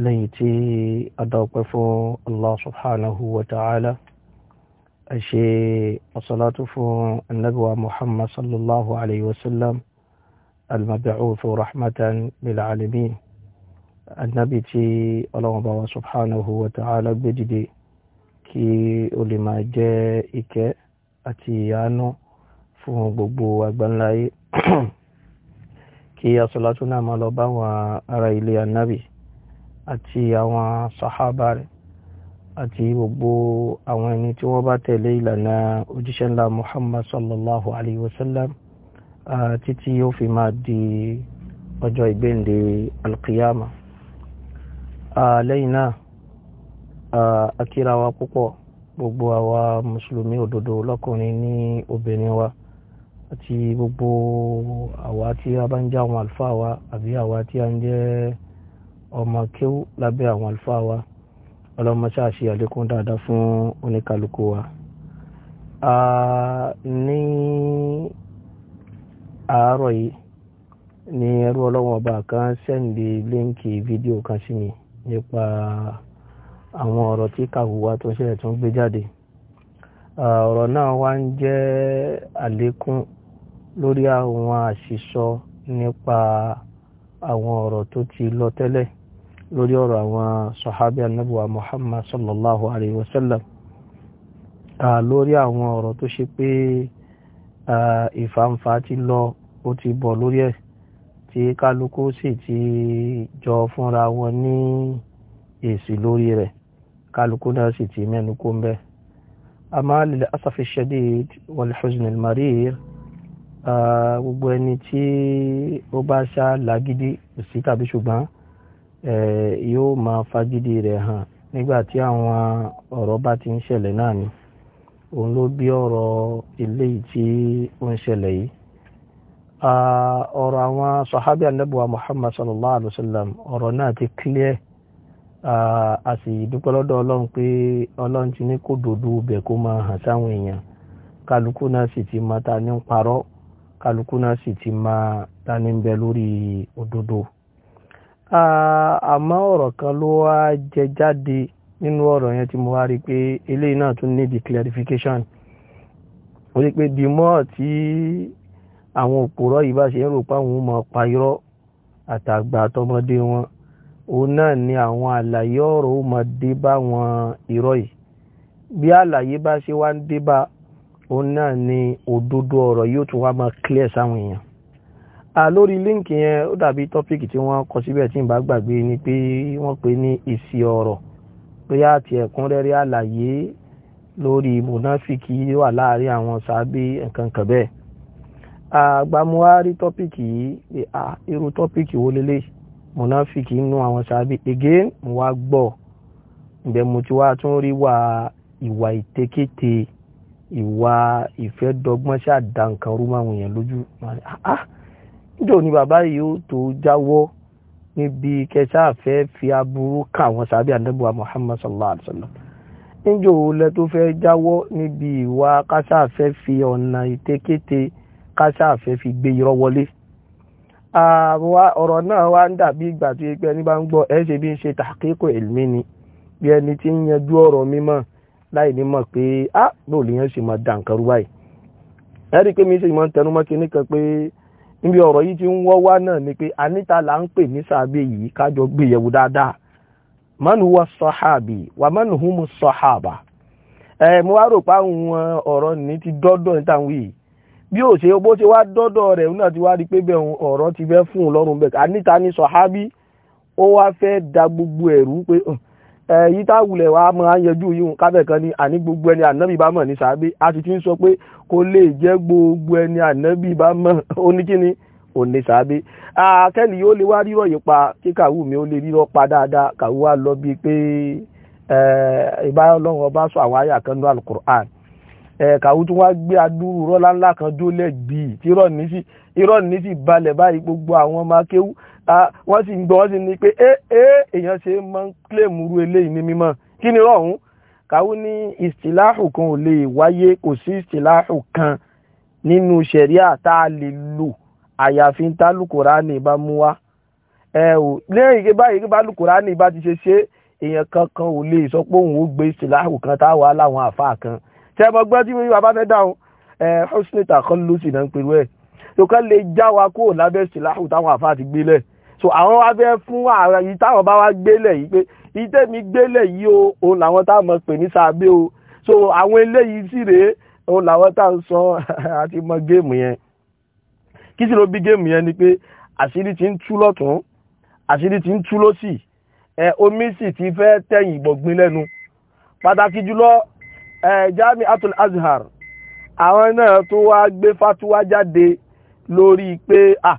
lẹ́yìn tí adáwọ̀pẹ́ fún Allah subhanahu wa ta'ala a ṣe asalatu fún annabuwa Muhammad sallallahu alaihi wasallam al-mab'uth rahmatan lil alamin annabi tí ọlọ́wọ̀n wa subhanahu wa ta'ala gbé dìde kí o lè máa jẹ́ ìkẹ́ àti ìyanu fún gbogbo àgbáńláyé kí asalatu náà máa lọ báwọn ará ilé annabi àti àwọn sàhábà rẹ̀ àti gbogbo àwọn ẹni tí wọ́n bá tẹ̀lé ìlànà òjíṣẹ́ ńlá Muhammad sallallahu alayhi wa sallam títí yóò fi máa di ọjọ́ ìgbéǹde alqiyama lẹ́yìn náà akíra wa púpọ̀ gbogbo àwa mùsùlùmí òdodo lọ́kùnrin ní obìnrin wa àti gbogbo àwa tí a bá ń jẹ́ àwọn àlùfáà wa àbí àwa tí a ń jẹ́ ọmọ kéwú lábẹ́ àwọn àlùfáà wa ọlọ́mọṣá àlékún dáadáa fún oníkálukú wa. ní àárọ̀ yìí ní ẹrú ọlọ́wọ́n ọba kan sẹ́ǹdì líǹkì fídíò kan sí mi nípa àwọn ọ̀rọ̀ tí kàwùwá tó ṣẹlẹ̀ tó ń gbé jáde ọ̀rọ̀ náà wá ń jẹ́ àlékún lórí àwọn àṣìṣọ nípa àwọn ọ̀rọ̀ tó ti lọ tẹ́lẹ̀ lórí ọ̀rọ̀ àwọn sọ̀hábí annabuwa muhammad sallallahu alaihi wasallam lórí àwọn ọ̀rọ̀ tó ṣe pé ìfàǹfà ti lọ ó ti bọ̀ lórí ẹ̀ tí kálukú sì ti jọ fúnra wọn ní èsì lórí rẹ̀ kálukú náà sì ti mẹ́nu kó ń bẹ́ àmọ́ lil asafi shadid wal gbogbo ẹni tí ó bá ṣá lágídí kò tàbí ṣùgbọ́n yóò máa fagídí rẹ̀ hàn nígbà tí àwọn ọ̀rọ̀ bá ti ń ṣẹlẹ̀ náà ni òun ló bí ọ̀rọ̀ eléyìí tí ó ń ṣẹlẹ̀ yìí ọ̀rọ̀ àwọn sahabi anabuwa muhammad sallallahu alaihi wasallam ọ̀rọ̀ náà ti clear a sì dúpẹ́ lọ́dọ̀ ọlọ́run pé ọlọ́run ti ní kó dòdò ibẹ̀ kó máa hàn sáwọn èèyàn ti máa ta ní parọ́ ti máa ta ní bẹ àmọ́ ọ̀rọ̀ kan ló wá jẹ jáde nínú ọ̀rọ̀ yẹn tí mo wá rí pé eléyìí náà tún need clarification ó rí pé the more tí àwọn òpòrọ̀ yìí bá ṣe ń rò pé ọmọ pa irọ́ àtàgbà àtọmọdé wọn òun náà ni àwọn àlàyé ọ̀rọ̀ ó máa dé bá wọn irọ́ yìí bí àlàyé bá ṣe wá ń dé bá òun náà ni òdodo ọ̀rọ̀ yóò tún wá máa clear sáwọn èèyàn a lórí líǹkì yẹn ó dàbí tọ́píkì tí wọ́n kọ síbẹ̀ tí n bá gbàgbé ni pé wọ́n pè ní ìsì ọ̀rọ̀ bóyá àti ẹ̀kúnrẹ́rẹ́ àlàyé lórí mùnáfíkì wà láàrin àwọn sàábé nǹkan kan bẹ́ẹ̀ àgbàmúhárí tọ́píkì yìí irú tọ́píkì wo lélẹ̀ mùnáfíkì nínú àwọn sàábé again mo wá gbọ́ ǹbẹ̀ mo ti wá tún rí wà ìwà ìtekéte ìwà ìfẹ́ dọgbọ́n ṣáà dá nǹkan rú máwọn èèyàn lójú ah níjọ́ ni bàbá yìí ó tó jáwọ́ níbi kẹsà fẹ́ fi aburú kà wọ́n sábẹ́ àdẹ́bùwà Muhammad sallallahu alaihi wasallam sallam níjọ́ olẹ tó fẹ́ jáwọ́ níbi ìwà kásà fẹ́ fi ọ̀nà ìtékété kásà fẹ́ fi gbé irọ́ wọlé ọ̀rọ̀ náà wá ń dàbí ìgbà tó yẹ pé ẹni bá ń gbọ́ ẹ ṣe bí ń ṣe tàkíkò ìlmí ni bí ẹni tí ń yanjú ọ̀rọ̀ mímọ́ láì ní mọ̀ pé á lóòlù yẹn ṣe máa dà nǹkan rú báyìí ẹ rí i pé mi ṣe máa ń tẹnumọ́ kinní kan pé níbi ọ̀rọ̀ yìí ti ń wọ́ wá náà ni pé anita là ń pè ní sàábé yìí kájọ gbé yẹ̀wò dáadáa manu wa sọ́hábì wà manu humu sọ́hábà ẹ̀ mo wá rò pé àwọn ọ̀rọ̀ ní ti dọ́dọ̀ níta wí yìí bí ó ṣe bó ṣe wá dọ́dọ̀ rẹ̀ náà ti wá rí pé bẹ́ẹ̀ ọ̀rọ̀ ti fẹ́ fún un lọ́rùn bẹ́ẹ̀ anita ní sọ́hábì ó wá fẹ́ da gbogbo ẹ̀rú pé èyí táwùlẹ̀ wa mọ àyẹjú yìí kábẹ̀ kan ní àní gbogbo ẹni ànábì bá mọ̀ ní sàábé a sì ti ń sọ pé kò lè jẹ́ gbogbo ẹni ànábì bá mọ̀ oníkíni òní sàábé akẹ́lì yóò lè wá rírọ̀ yìí pa kí kàwù mi ó lè rírọ̀ pa dáadáa kàwù wa lọ bíi pé ìbá ọlọ́run ọba sọ àwọn àyà kan ní alukur'an kàwù tí wọ́n gbé adúrú rọ́lá ńlá kan dólẹ̀ gbì tí irọ́ ní sí balẹ̀ báyìí gbogbo àwọn ọmọ akéwú Ah, wọ́n sì ń gbọ́ wọ́n sì ní pé ẹ́ eh, eh, èèyàn ṣe máa ń kílèmù rú eléyìí ní mímọ́ kí ni rọ̀hún kàwú ní ìsìláhù kan ò lè wáyé kò sí ìsìláhù kan nínú ṣẹ̀ríà tá a lè lò àyàfi ń tálùkùrá ní ìbá mú wá ẹ ò lẹ́yìn ike báyìí ike bá lùkùrá ní ìbá ti ṣe ṣe èèyàn kankan ò lè sọ pé òun ó gbé ìsìláhù kan táwa láwọn àfáà kan ṣe mọ gbọ́ tí bàbá fẹ́ dáhùn ẹ hosnita kan so àwọn wá fẹ́ fún ààrẹ yìí táwọn bá wá gbélẹ̀ yìí pé ìtẹ́mi gbélẹ̀ yìí o òun làwọn táwọn mọ̀ pè ní sábẹ́ o so àwọn eléyìí sì rèé òun làwọn táwọn sọ àti mọ géèmù yẹn kí sì ló bí géèmù yẹn ni pé àṣírí ti ń tú lọ́tún àṣírí ti ń tú lọ́sì ẹ omi sì ti fẹ́ tẹ̀yìn ìgbọ̀gbin lẹ́nu pàtàkì jùlọ ẹ jami atul azhar àwọn náà tó wá gbé fatuwa jáde lórí pé ah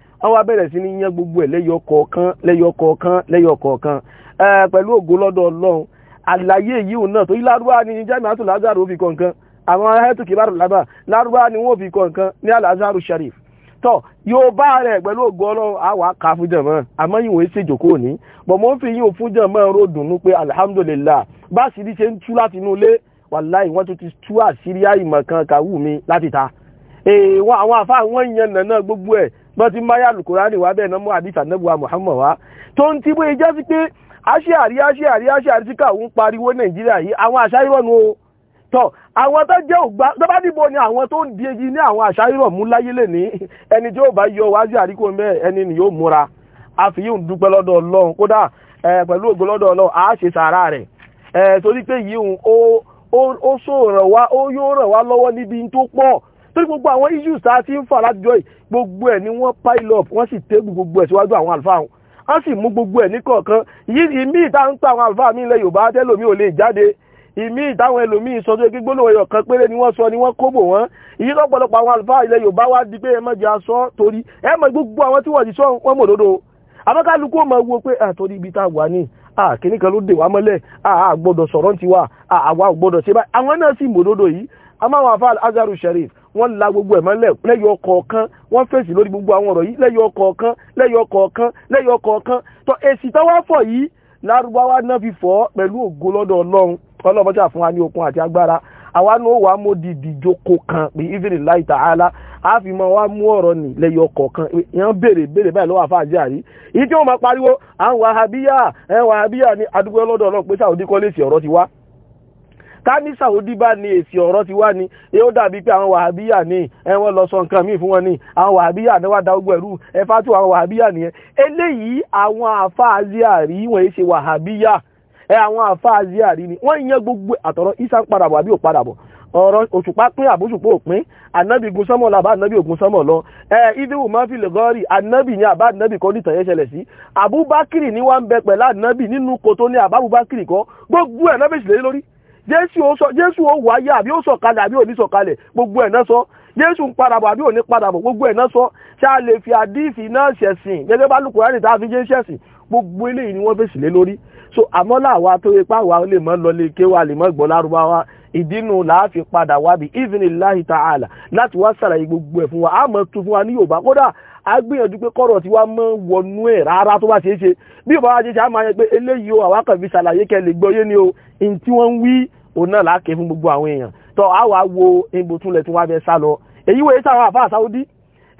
wọ́n wá bẹ̀rẹ̀ sí ní yán gbogbo ẹ̀ lẹ́yọ kọ̀ọ̀kan lẹ́yọ kọ̀ọ̀kan lẹ́yọ kọ̀ọ̀kan pẹ̀lú ògo lọ́dọ̀ ọlọ́run àlàyé yìí náà tó yí lárúbá ni jami àtò lázaro fi kọ̀ọ̀kan àwọn ahẹ́tù kìbárù lábà lárúbá ni wọ́n fi kọ̀ọ̀kan ní alázaro sharif tọ́ yóò bá rẹ̀ pẹ̀lú ògo ọlọ́run àwà ká fún jẹ̀mọ́ àmọ́ yìí wọ́n ṣe jòkó ní bọ̀ mọ́ fi yíò fún jẹ̀mọ́ ròdùnú pé alhamdulillah bá sírí ṣe ń tú láti inú ilé wàláì wọ́n tún ti tú àṣírí àìmọ̀ kan kàwù mi láti ta àwọn àfáà wọ́n yan nàná gbogbo ẹ̀ bọ́n ti máyà alukurani wá bẹ́ẹ̀ náà mú àdìsá nẹ́bùwá Muhammad wá tó ń tí bóyá sí pé aṣíàrí aṣíàrí aṣíàrí tí káwọn ń pariwo Nàìjíríà yìí àwọn àṣàyírọ̀ nu o tọ́ àwọn tó jẹ́ ògbà tó bá dìbò ni àwọn tó ń di egi ní àwọn mú láyé lè ní ẹni tí bá yọ àríkò ẹni ni yóò múra yóò dúpẹ́ lọ́dọ̀ Ọlọ́run kódà pẹ̀lú ó yóò torí gbogbo àwọn issues tá a ti ń fà látijọ́ yìí gbogbo ẹ̀ ni wọ́n pile up wọ́n sì tẹ́gù gbogbo ẹ̀ síwájú àwọn àlùfáà wọn á sì mú gbogbo ẹ̀ ní kọ̀ọ̀kan ìmí ìta ń pa àwọn àlùfáà mi ilẹ̀ Yorùbá tẹ́lòmí ò lè jáde ìmí ìtàwọn ẹlòmíì sọ tó gbígbóná ẹyọ kan péré ni wọ́n sọ ni wọ́n kóbò wọ́n ìyí lọ́pọ̀lọpọ̀ àwọn àlùfáà ilẹ̀ Yorùbá wá di pé ẹ má jẹ aṣọ torí ẹ mọ gbogbo àwọn tí wọ́n ti sọ wọ́n mọ̀ lódò àbákálukú ọmọ wo pé àtòrí ibi tá a wà ní àkíní kan ló dè wá mọ́lẹ̀ àà gbọ́dọ̀ sọ̀rọ̀ ti wà àwa ò gbọ́dọ̀ ṣe báyìí àwọn náà sì mọ̀ lódò yìí àmọ́ àwọn àfáà Azharu Sharif wọ́n la gbogbo ẹ̀ mọ́lẹ̀ lẹ́yọ kọ̀ọ̀kan wọ́n fèsì lórí gbogbo àwọn ọ̀rọ̀ yìí lẹ́yọ kọ̀ọ̀kan lẹ́yọ kọ̀ọ̀kan lẹ́yọ kọ̀ọ̀kan tó èsì táwa fọ̀ yìí lárúbáwá náà fi fọ̀ ọ́ pẹ̀lú ògo lọ́dọ̀ ọlọ́run ọlọ́run tí a fún wa ní okun àti agbára àwa náà wàá mú dìdì jókòó kan pé ìfìrì láì tààlà a fi mọ wá mú ọ̀rọ̀ nì lẹ́yọ kọ̀ọ̀kan èèyàn béèrè béèrè báyìí lọ́wọ́ àfáàjì àrí èyí tí wọ́n máa pariwo àwọn wàhábíyà ẹ̀ wàhábíyà ní adúgbò ọlọ́dọ̀ ọlọ́run pé sáà òdìkọ́lẹ́sì ọ̀rọ̀ ti wá ká ní Saudi bá ní èsì ọ̀rọ̀ ti wá ni yóò dàbí pé àwọn wàhábíyà ní ẹ wọ́n lọ sọ nǹkan míì fún wọn ní àwọn wàhábíyà ní wàá da ogun ẹ̀rú ẹ àwọn wàhábíyà nìyẹn eléyìí àwọn àfáàzí àrí wọ́n ṣe wàhábíyà ẹ àwọn àfáàzí àrí ni wọ́n yan gbogbo àtọ̀rọ̀ isa ń padà bọ̀ àbí ò padà bọ̀ ọ̀rọ̀ òṣùpá pín àbúṣùpá òpin ànábì gun sánmọ̀ làbá ànábì ògun sánmọ̀ lọ ẹ ìdíwò máa fi lè ànábì ní àbá ànábì kọ́ nìtàn yẹn ṣẹlẹ̀ sí àbúbákìrì ní wá bẹ pẹ̀lú ànábì nínú kòtò ní àbá àbúbákìrì kọ́ gbogbo ànábì sì lé lórí jésù ó wáyé àbí ó sọ̀kalẹ̀ àbí ò ní sọ̀kalẹ̀ gbogbo ẹ̀ náà sọ jésù ń padà bọ̀ àbí ò ní padà bọ̀ gbogbo ẹ̀ náà sọ ṣá a lè fi àdífì náà ṣẹ̀sìn gẹ́gẹ́ bá lùkùránì tá a fi jẹ́ ṣẹ̀sìn gbogbo eléyìí ni wọ́n fèsì lé lórí so àmọ́ láwa tó yẹ pé àwa lè mọ́ lọlé kéwà lè mọ́ gbọ́ lárúbáwá ìdínú láàfi padà wábi even iláhi ta'ala láti wá sàlàyé gbogbo ẹ̀ fún wa a mọ̀ tún fún wa ní yorùbá kódà a gbìyànjú pé kọ́rọ̀ tí wá mọ́ wọnú ẹ̀ rárá tó bá ṣeé ṣe bí ìbára ṣe ṣe a máa yẹ pé eléyìí o àwákàn fi sàlàyé kẹ lè gbọ́yé ni o in tí wọ́n ń wí òun náà láàkè fún gbogbo àwọn èèyàn tó a wá wo egbò túnlẹ̀ tí wọ́n fẹ́ sá lọ èyí wo sáwọn àfáà sáúdí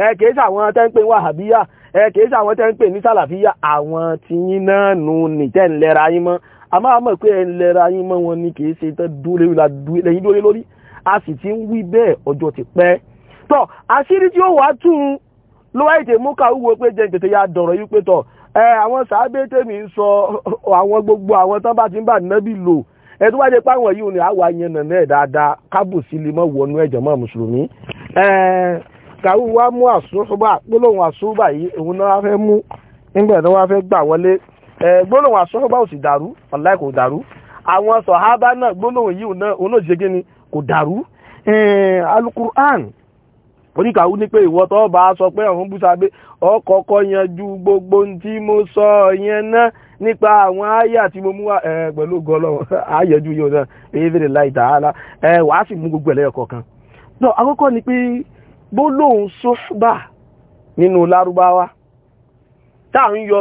ẹ kìí sáwọn tẹ́ ń pè wàhábíyà ẹ kìí sáwọn tẹ́ ń pè ní sàlàfíyà àwọn tiyín náà nù nìtẹ́ ńlẹ́ra yín mọ́ a máa mọ̀ pé ẹ̀ ń lẹ́ra yín mọ́ wọn ni kì í ṣe tán dúró lẹ́yìn dúró lórí a sì ti ń wí bẹ́ẹ̀ ọjọ́ ti pẹ́ tọ́ àṣírí tí ó wà tún lọ́wọ́ ètè mú ká wúwo pé jẹ́ tètè ya dọ̀rọ̀ yí pé tọ̀ ẹ àwọn sàábé tèmi ń sọ àwọn gbogbo àwọn tán bá ti ń bà nábì lò ẹ tó bá jẹ pé àwọn yìí ni àwa yẹn nànà ẹ dáadáa kábùsí lè mọ wọnú ẹjọ mọ mùsùlùmí ẹ kàwé wa mú àsúbà gbólóhùn àsúbà yìí òun náà wá fẹ́ mú nígbà tó wá fẹ́ gbà wọlé gbólóhùn àṣọ́gbà ò sì dàrú ọ̀láì kò dàrú àwọn sọ̀hábà náà gbólóhùn yìí náà olóòjì gíní kò dàrú alukur'an oníkàwú ní pé ìwọ bá sọ pé ọ̀hún búsabé ọkọ̀ọ̀kọ́ yanjú gbogbo tí mo sọ yẹn náà nípa àwọn mo mú wá pẹ̀lú gọlọ́wọ́ gbogbo táà ń yọ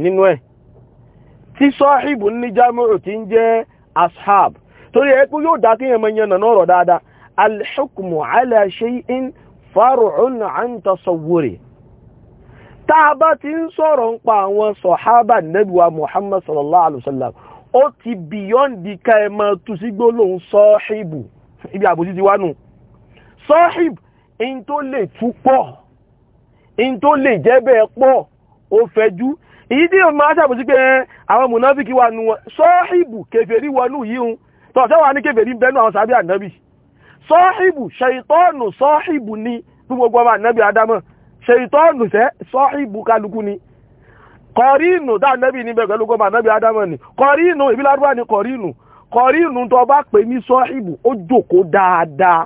nínú ẹ̀ tí sọ́ọ̀hìbù ní jámùrù tí ń jẹ́ ashab torí ẹ pé yóò dákí ẹmọ yẹn nà nọ́rọ̀ dáadáa alhukmu ala shay'in faru'un an tasawwuri tá a bá ti ń sọ̀rọ̀ ń pa àwọn sọ̀hábà nẹ́bíwa muhammad sallallahu alaihi wasallam ó ti beyond èyí tí o máa ṣàbòsí pé àwọn mùnáfíkì wà nù wọn sọ́ọ̀hìbù kèfèrí wọnú yìí hun tọ́ọ̀ṣẹ́ wà ní kèfèrí bẹ́nu àwọn sàbí ànábì sọ́ọ̀hìbù ṣèyítọ́ọ̀nù sọ́ọ̀hìbù ni gbogbo ọmọ ànábì adámọ̀ ṣèyítọ́ọ̀nù sọ́ọ̀hìbù kálukú ni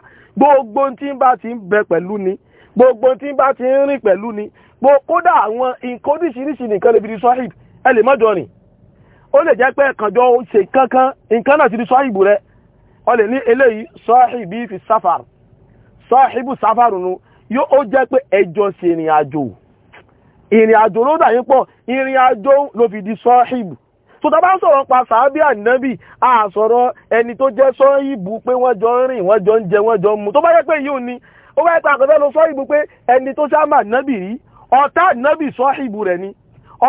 ní gbogbo ń bá ti ń bẹ pẹ̀lú ni gbogbo ń bá ti ń pò kódà àwọn nǹkan oríṣiríṣi nìkan lè fi di sọ́hìb ẹ lè mọ́jọ rìn ó lè jẹ́ pé kankan nǹkan náà ti di sọ́hìb rẹ ọ lè ní eléyìí fi sáfàr sọ́hìbù sáfàr nu yóò ó jẹ́ pé ẹjọ́ sí ìrìn àjò ìrìn àjò ló pọ̀ fi di sọ́hìb tó ta bá sọ̀rọ̀ pa sàábí ànábì àsọ̀rọ̀ ẹni tó jẹ́ sọ́hìbù pé wọ́n jọ ń rìn jọ ń jẹ jọ ń tó bá yẹ pé yìí ò ní ó bá yẹ pé lọ ọ̀tá ànábì sọ́hìbù rẹ̀ ni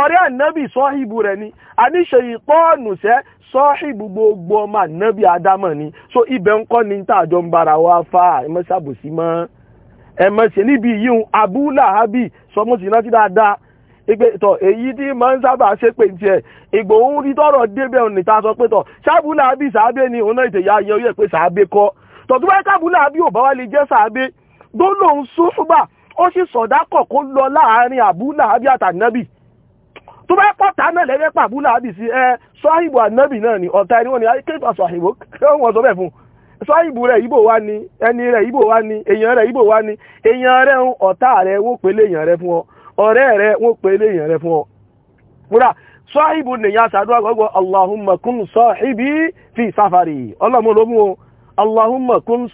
ọ̀rẹ́ ànábì sọ́hìbù rẹ̀ ni àníṣe ìpọ́ọ̀nù sẹ́ sọ́hìbù gbogbo ọmọ ànábì adámọ̀ ni so ibẹ̀ ń kọ́ ni tá àjọ ń bára wa fa ẹmọ́ ṣàbòsí mọ́ ẹmọ́ ṣe níbi yíhun abúlà hábì sọmọ́ sí náà ti dáadáa ìpè tọ̀ èyí tí máa ń sábà ṣe pé tiẹ̀ Ìgbòho ń rí tọrọ débẹ̀ òní sọ pé tọ̀ ṣábùlà hábì sàábé ni òun náà ìtẹ̀yà ayẹyẹ pé sàábé kọ́ tọ̀tún báyìí ṣábùlà hábì ò bá wá lè jẹ́ sàábé gbólóhùn sùfúbà ó sì sọ̀dákọ̀ kó lọ laarin àbúlà àbí àtànábì tó bá pọ̀tà náà lẹ́gbẹ́ pàbúlà àbí sí ẹ sọ́hìbù ànábì náà ni ọ̀tá ẹni ni kéfà sọ́hìbù wọ́n sọ bẹ́ẹ̀ fún sọ́hìbù rẹ̀ wa wá ni ẹni rẹ̀ ìbò wá ni èèyàn rẹ̀ ìbò wá ni èèyàn rẹ̀ ń ọ̀tá rẹ̀ wọ́n pèlè èèyàn rẹ̀ fún ọ ọ̀rẹ́ rẹ̀ wọ́n pèlè èèyàn rẹ̀ fún ọ múra sọ́hìbù fi safari ọlọ́mọ allahumma kun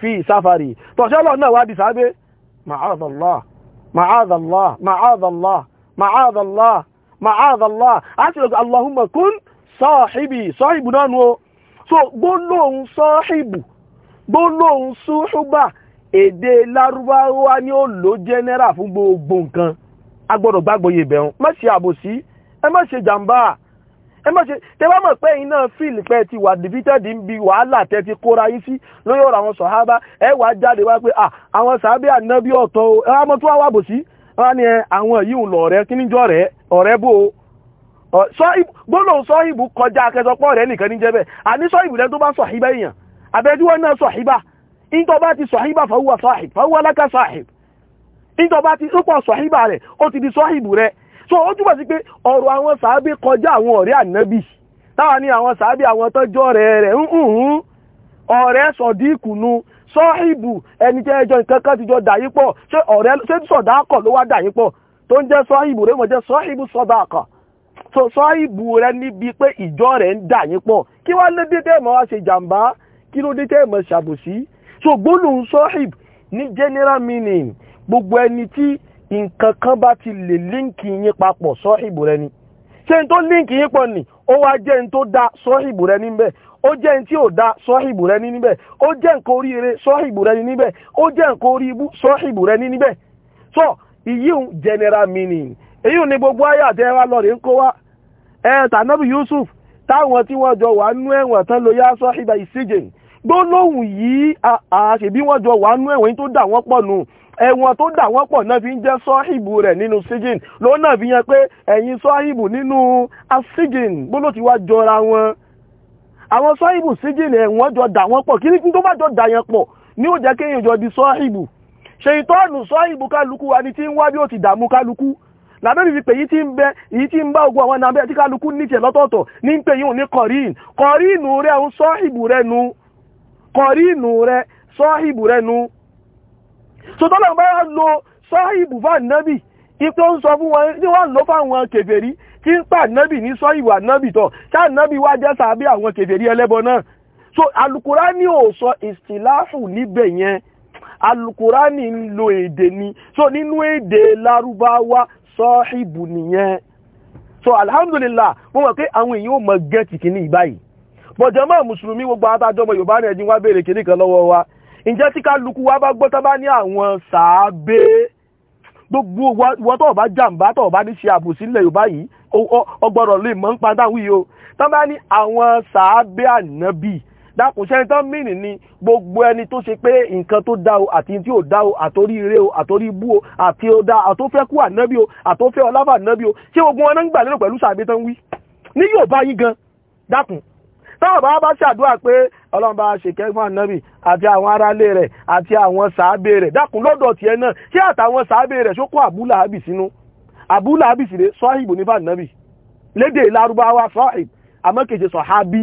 fi معاذ الله معاذ الله معاذ الله معاذ الله معاذ الله àṣìlọ́gbà allahumma kun sahibi sahibu náà nù ó so gbólóhùn sahibu gbólóhùn suhuba èdè lárúbáwá ni ó lò jẹ́nẹ́rà fún gbogbo nǹkan agbọ́dọ̀ gbàgbọ́ àbòsí ẹ má jàǹbá ẹ má ṣe tẹ bá mọ̀ pé iná fíìlì pé ti wà defeated ń bi wàhálà tẹ ti kóra yín sí lórí ọ̀rọ̀ àwọn sọ̀hábà ẹ wà jáde wá pé à àwọn sàábì ànábì ọ̀tọ̀ o ẹ wá mọ tí wọ́n wà bò sí wọ́n ní àwọn yìí ń lọ ọ̀rẹ́ kí níjọ́ rẹ̀ ọ̀rẹ́ bò ó gbólóhùn sọ́hìbù kọjá akẹ́sọpọ̀ rẹ̀ nìkan níjẹ́ bẹ́ẹ̀ àní sọ́hìbù lẹ́nu tó bá sọ̀hìbà èèyàn àbẹ́jú wọn náà sọ̀hìbà ìjọ bá ti sọ̀hìbà fàwọ́ sọ̀hìb fàwọ́ alákà sọ̀hìb ìjọ bá ti rúpọ̀ sọ̀hìbà rẹ̀ ó ti di sọ̀hìbù rẹ̀ so ó túbọ̀ sí pé ọ̀rọ̀ àwọn kọjá àwọn ọ̀rẹ́ ànábì táwa ní àwọn sàábé àwọn tọ́jọ́ rẹ̀ rẹ̀ ń hùn ọ̀rẹ́ sọ̀díkùnú sọ́hìbù ẹni jẹ́ ẹjọ́ nǹkan ti jọ dàyí ṣé sọ̀dákọ̀ ló wá dàyí tó ń jẹ́ sọ́hìbù rẹ̀ mọ̀ jẹ́ sọ́hìbù so sọ́hìbù rẹ̀ níbi pé ìjọ rẹ̀ ń kí wá lé dédé mọ́ wá ṣe jàǹbá kí ló so gbólóhùn sọ́hìbù ní general meaning gbogbo ẹni tí nkankan kan bá ti lè líǹkì yín papọ̀ sọ́hìbù rẹ ni ṣé n tó líǹkì yín pọ̀ ni ó wá jẹ́ n tó da sọ́hìbù rẹ níbẹ̀ ó jẹ́ n tí ò da sọ́hìbù rẹ níbẹ̀ ó jẹ́ nǹkan oríire sọ́hìbù rẹ níbẹ̀ ó jẹ́ nǹkan oríibú so ìyíhun general meaning èyí ni gbogbo ayé àtẹ́wá lọ́ọ̀rẹ́ ń kó wá ẹ̀ tànàbí Yusuf táwọn tí wọ́n jọ wà nú ẹ̀wọ̀n tán ló yá sọ́hìbà ìsíjìn gbólóhùn yìí wọ́n jọ wà nú ẹ̀wọ̀n tó dà wọ́n pọ̀ nù ẹ̀wọ̀n tó dà wọ́n pọ̀ náà fi ń jẹ́ sọ́hìbù rẹ̀ nínú síjìn lòun náà fi yan pé ẹ̀yin sọ́hìbù nínú asíjìn bóló ti wá jọra wọn àwọn sọ́hìbù síjìn ẹ̀wọ̀n jọ dà wọ́n pọ̀ kíní tó bá jọ dà yẹn di ṣe kálukú wa ni tí ń wá bí ó ti dààmú kálukú fi pè yí tí ń bẹ tí ń ogun àwọn nàbẹ́ tí kálukú ní tiẹ̀ lọ́tọ̀ọ̀tọ̀ ní ní kọ̀rín ń nu so tọ́lọ̀ bá yá lo sọ́ìbù fà nábì ipò ń sọ fún wọn ní wọ́n lò fáwọn kèfèrí tí ń pà nábì ní sọ́ìbù ànábì tọ̀ ṣá nábì wá jẹ́ sàbí àwọn kèfèrí ẹlẹ́bọ náà so alukurani ò sọ ìsìláfù níbẹ̀ yẹn alukurani ń lo èdè ni so nínú èdè lárúbáwá sọ́ìbù nìyẹn so alhamdulillah mo mọ̀ pé àwọn èèyàn ò mọ gẹ́ẹ̀tì kìíní ìbáyìí bọ̀jọ̀mọ́ mùsùlùmí gbogbo àtàjọmọ yorùbá ní ẹ̀dínwá béèrè kìíní kan lọ́wọ́ wa ǹjẹ́ tí kálukú wa bá gbọ́ tó bá ní àwọn sàábé gbogbo wọn tó bá jàǹbá tó bá ní ṣe àbòsí ilẹ̀ Yorùbá yìí ọgbọ́dọ̀ lè mọ́ ń pa dáhùn yìí o tó bá ní àwọn sàábé ànábì dákùnṣẹ́ tó mìnì ni gbogbo ẹni tó ṣe pé nǹkan tó dá o àti tí ò dá o àtórí ire o àtórí ibú o àti ó dá àtófẹ́ kú ànábì o àtófẹ́ ọlábà ànábì o ṣé gbogbo wọn náà ń gbà lérò pẹ̀lú sàábé tó wí ní Yorùbá yìí gan dákùn táwọn bá ṣàdúrà pé ọlọ́run bá ṣe kẹ́fọ́n ànábì àti àwọn aráalé rẹ̀ àti àwọn sàábé rẹ̀ dákun lọ́dọ̀ tiẹ̀ náà ṣé àtàwọn sàábé rẹ̀ ṣó kó àbúlà ábì sínú àbúlà ábì sì rè sọ́hìbù nífà ànábì lédè lárúbáwá sọ́hìb àmọ́ kèje sọ̀hábí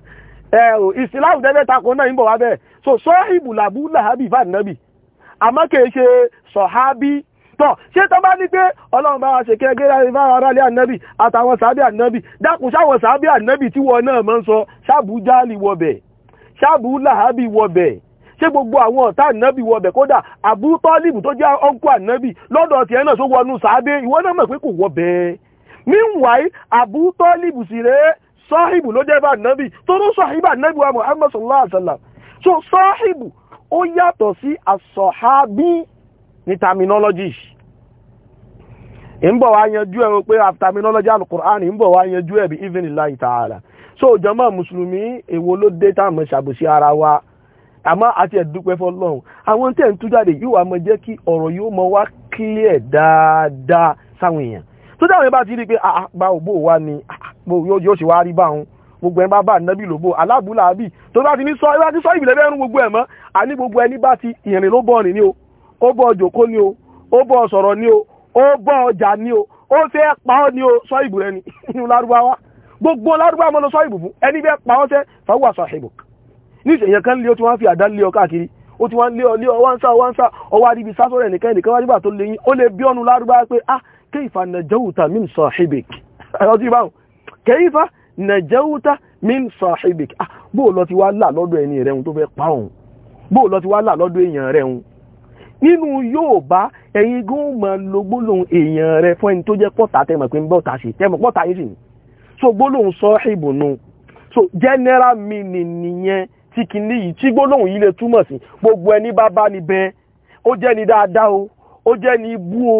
ẹ̀rù ìsìláàmù tẹ́lẹ̀ takùn náà ń bọ̀ wá bẹ́ẹ̀ so sọ́hìbù làbúlà ábì fà ànábì àmọ́ kèje sọ̀hábí tọ́ ṣé tọ́ bá ní pé ọlọ́run bá wa ṣe kí ẹgbẹ́ láti bá ara lé ànábì àtàwọn sàábì ànábì dákun sáwọn sàábì ànábì tí wọn náà máa ń sọ ṣáàbù jáàlì wọbẹ̀ ṣáàbù làhábì wọbẹ̀ ṣé gbogbo àwọn ọ̀tá ànábì wọbẹ̀ kódà àbú tọ́lìbù tó jẹ́ ọ̀nkú ànábì lọ́dọ̀ tiẹ̀ náà sọ wọnú sàábì ìwọ náà mọ̀ pé kò wọbẹ̀ meanwhile àbú tọ́lìbù sì rẹ̀ sọ́hìbù ló jẹ́ bá ànábì tó ló sọ́hìbù ànábì wa Muhammad sallallahu alaihi wasallam so sọ́hìbù ó yàtọ̀ sí àsọ̀hábí ní terminology ń bọ̀ wá yanjú ẹ̀ pé terminology alukur'an ń wa wá yanjú ẹ̀ bí even ilayi ta'ala so jàmá mùsùlùmí èwo ló dé táwọn ṣàbòsí ara wa àmọ́ àti ẹ̀dúpẹ́ fọlọ́run àwọn tẹ̀ ń tú jáde yóò wá mọ jẹ́ kí ọ̀rọ̀ yóò mọ wá clear dáadáa sáwọn èèyàn tó dáwọn yẹn ti rí pé àgbà ah, ah, òbó wa ni ah, yóò ṣe wá rí báwọn gbogbo ẹ̀ bá bá nẹ́bí lòbó alábùlábì tó bá ti ní sọ ìbìlẹ̀ bẹ́ẹ̀ rún gbogbo ẹ̀ mọ́ àní gbogbo ẹni bá ti ìrìn ló bọ̀ rìn ni o ó bọ́ ọjọ́kó ni o ó bọ́ ọ̀sọ̀rọ̀ ni o ó bọ́ ọjà ni o ó fẹ́ pa ọ́ ni o sọ ìbù rẹ ni inú lárúbáwá gbogbo lárúbáwá mọ́ lọ sọ ìbù fún ẹni bẹ́ẹ̀ pa ọ́ tẹ́ fàwọ́ àṣọ àṣẹ ìbùk ní ìṣẹ̀yẹ kan lé o tí wọ́n fi àdá lé ọ káàkiri ó ti wá ń lé ọ lé ọ wáńsá wáńsá ọwọ́ adìbí sásọ̀rọ̀ ẹnìkan ẹnìkan wá tó lè yín ó lè bí ọ́nu lárúbáwá pé ah kayfa najawta min sahibik ọdún ìbáhùn kayfa najawta min sahibik ah bóò lọ ti wá là lọ́dọ̀ ẹni rẹ̀ ń tó fẹ́ pa òun bóò lọ ti wá là lọ́dọ̀ èèyàn rẹ̀ ń nínú Yorùbá ẹ̀yin gan ó máa lo gbólóhùn èèyàn rẹ fún ẹni tó jẹ́ pọ́tà tẹmọ̀ pé ń bọ́ta ṣe tẹmọ̀ pọ́tà yìí sì ni so gbólóhùn sọ́ọ̀hìbù nu so general meaning nìyẹn tí kìíní yìí tí gbólóhùn yìí lè túmọ̀ sí gbogbo ẹni bá bá ní bẹ́ẹ̀ ó jẹ́ ni dáadáa o ó jẹ́ ni ibú o